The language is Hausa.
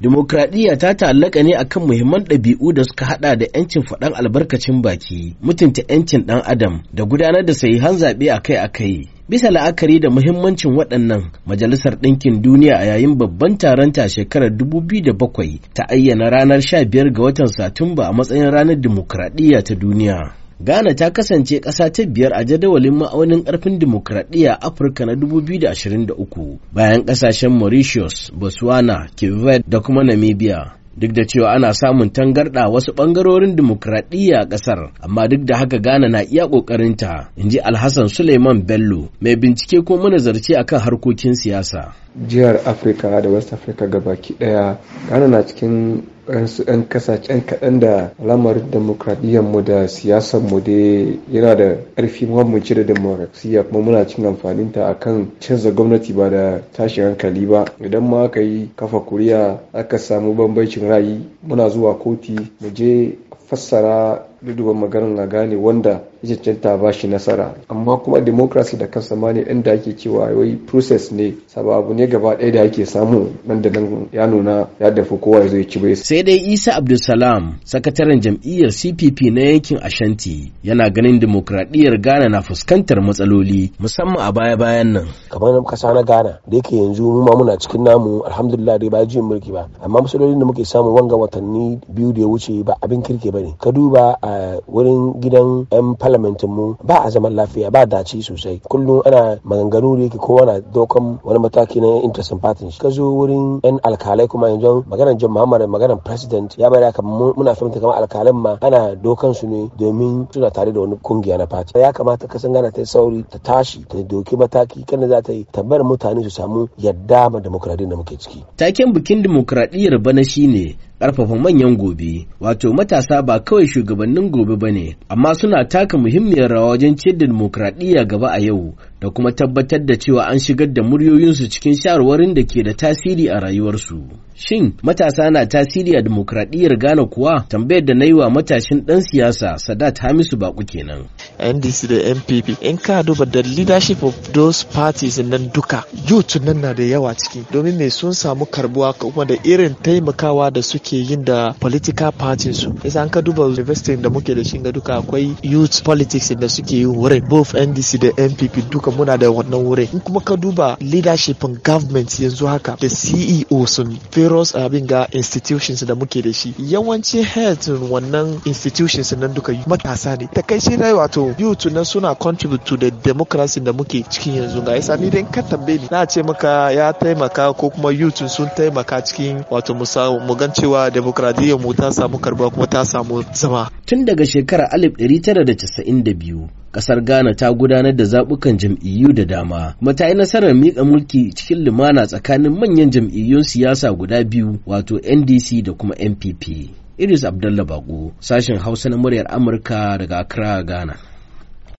Dimokuraɗiyya ta ta'allaka ne akan muhimman ɗabi'u da suka haɗa da 'yancin faɗan albarkacin baki, mutunta 'yancin ɗan adam da gudanar da sahihan zaɓe akai-akai. Bisa la'akari da muhimmancin waɗannan, Majalisar Ɗinkin Duniya a yayin babban taronta shekarar 2007 ta ayyana ranar 15 ga watan Satumba a matsayin ranar dimokuraɗiyya ta duniya. Ghana ta kasance ƙasa ta biyar a jadawalin ma'aunin ƙarfin dimokuraɗiyya Afirka na 2023 bayan ƙasashen Mauritius, Botswana, Cape da kuma Namibia. Duk da cewa ana samun tangarɗa wasu ɓangarorin dimokuraɗiyya a ƙasar, amma duk da haka Ghana na iya ƙoƙarinta, in ji Alhassan Suleiman Bello, mai bincike ko manazarci kan harkokin siyasa. Jihar Afirka da West Africa gabaki ɗaya, Ghana na cikin waɗansu 'yan kasashen kaɗan da lamarin demokradiyyar mu da siyasar mu dai yana da ƙarfi ci da demokrasiyya kuma muna cin amfanin ta akan canza gwamnati ba da tashin hankali ba idan ma aka yi kafa kuriya aka samu bambancin ra'ayi muna zuwa koti mu je fassara duduban maganin na gane wanda ya ta ba shi nasara amma kuma democracy da kansa ma inda ake cewa wai process ne sababu ne gaba ɗaya da ake samu nan da nan ya nuna ya dafa kowa ya ya ci bai sai dai isa abdulsalam sakataren jam'iyyar cpp na yankin ashanti yana ganin demokradiyyar ghana na fuskantar matsaloli musamman a baya bayan nan kamar kasa na ghana da yake yanzu mu ma muna cikin namu alhamdulillah dai ba jin mulki ba amma matsalolin da muke samu wanga watanni biyu da ya wuce ba abin kirke bane ka duba a a wurin gidan 'yan parlamentin mu ba a zaman lafiya ba daci sosai kullum ana maganganu da yake kowa na dokan wani mataki na and party ka zo wurin 'yan alkalai kuma yanzu maganar jan muhammad maganar president ya bada kamar muna fahimta kamar alkalin ma ana dokan su ne domin suna tare da wani kungiya na party ya kamata ka san gana ta sauri ta tashi ta doki mataki kan za ta yi tabbar mutane su samu yadda ma demokradiyyar da muke ciki taken bikin demokradiyyar bana shine ƙarfafa manyan gobe wato matasa ba kawai shugabannin gobe ba ne amma suna taka muhimmiyar rawa wajen ciyar da dimokuraɗiyya gaba a yau da kuma tabbatar da cewa an shigar da muryoyinsu cikin shawarwarin da ke da tasiri a rayuwarsu. Shin matasa na tasiri a dimokuraɗiyyar gane kuwa tambayar da na yi wa matashin ɗan siyasa Sadat Hamisu Baku kenan. NDC da NPP, in ka duba da leadership of those parties nan duka youth nan na da yawa ciki domin me sun samu karbuwa kuma da irin taimakawa da suke suke yin da political parties su isa an ka duba university da muke da shi ga duka akwai youth politics da suke yi wurin both ndc da npp duka muna da wannan wurin in kuma ka duba leadership government yanzu haka da ceo sun various uh, abin ga institutions da muke da shi yawanci head wannan institutions nan duka matasa ne ta kai shi rai wato youth nan suna contribute to the democracy da muke cikin yanzu ga isa ni dai ka tambaye ni na ce maka ya taimaka ko kuma youth sun taimaka cikin wato mu gan cewa cewa demokradiyyar mu ta samu karba kuma ta samu zama tun daga shekarar 1992 kasar ghana ta gudanar da zaɓukan jam'iyyu da dama mata yi nasarar miƙa mulki cikin lumana tsakanin manyan jam'iyyun siyasa guda biyu wato ndc da kuma npp idris abdullah bako sashen hausa na muryar amurka daga accra ghana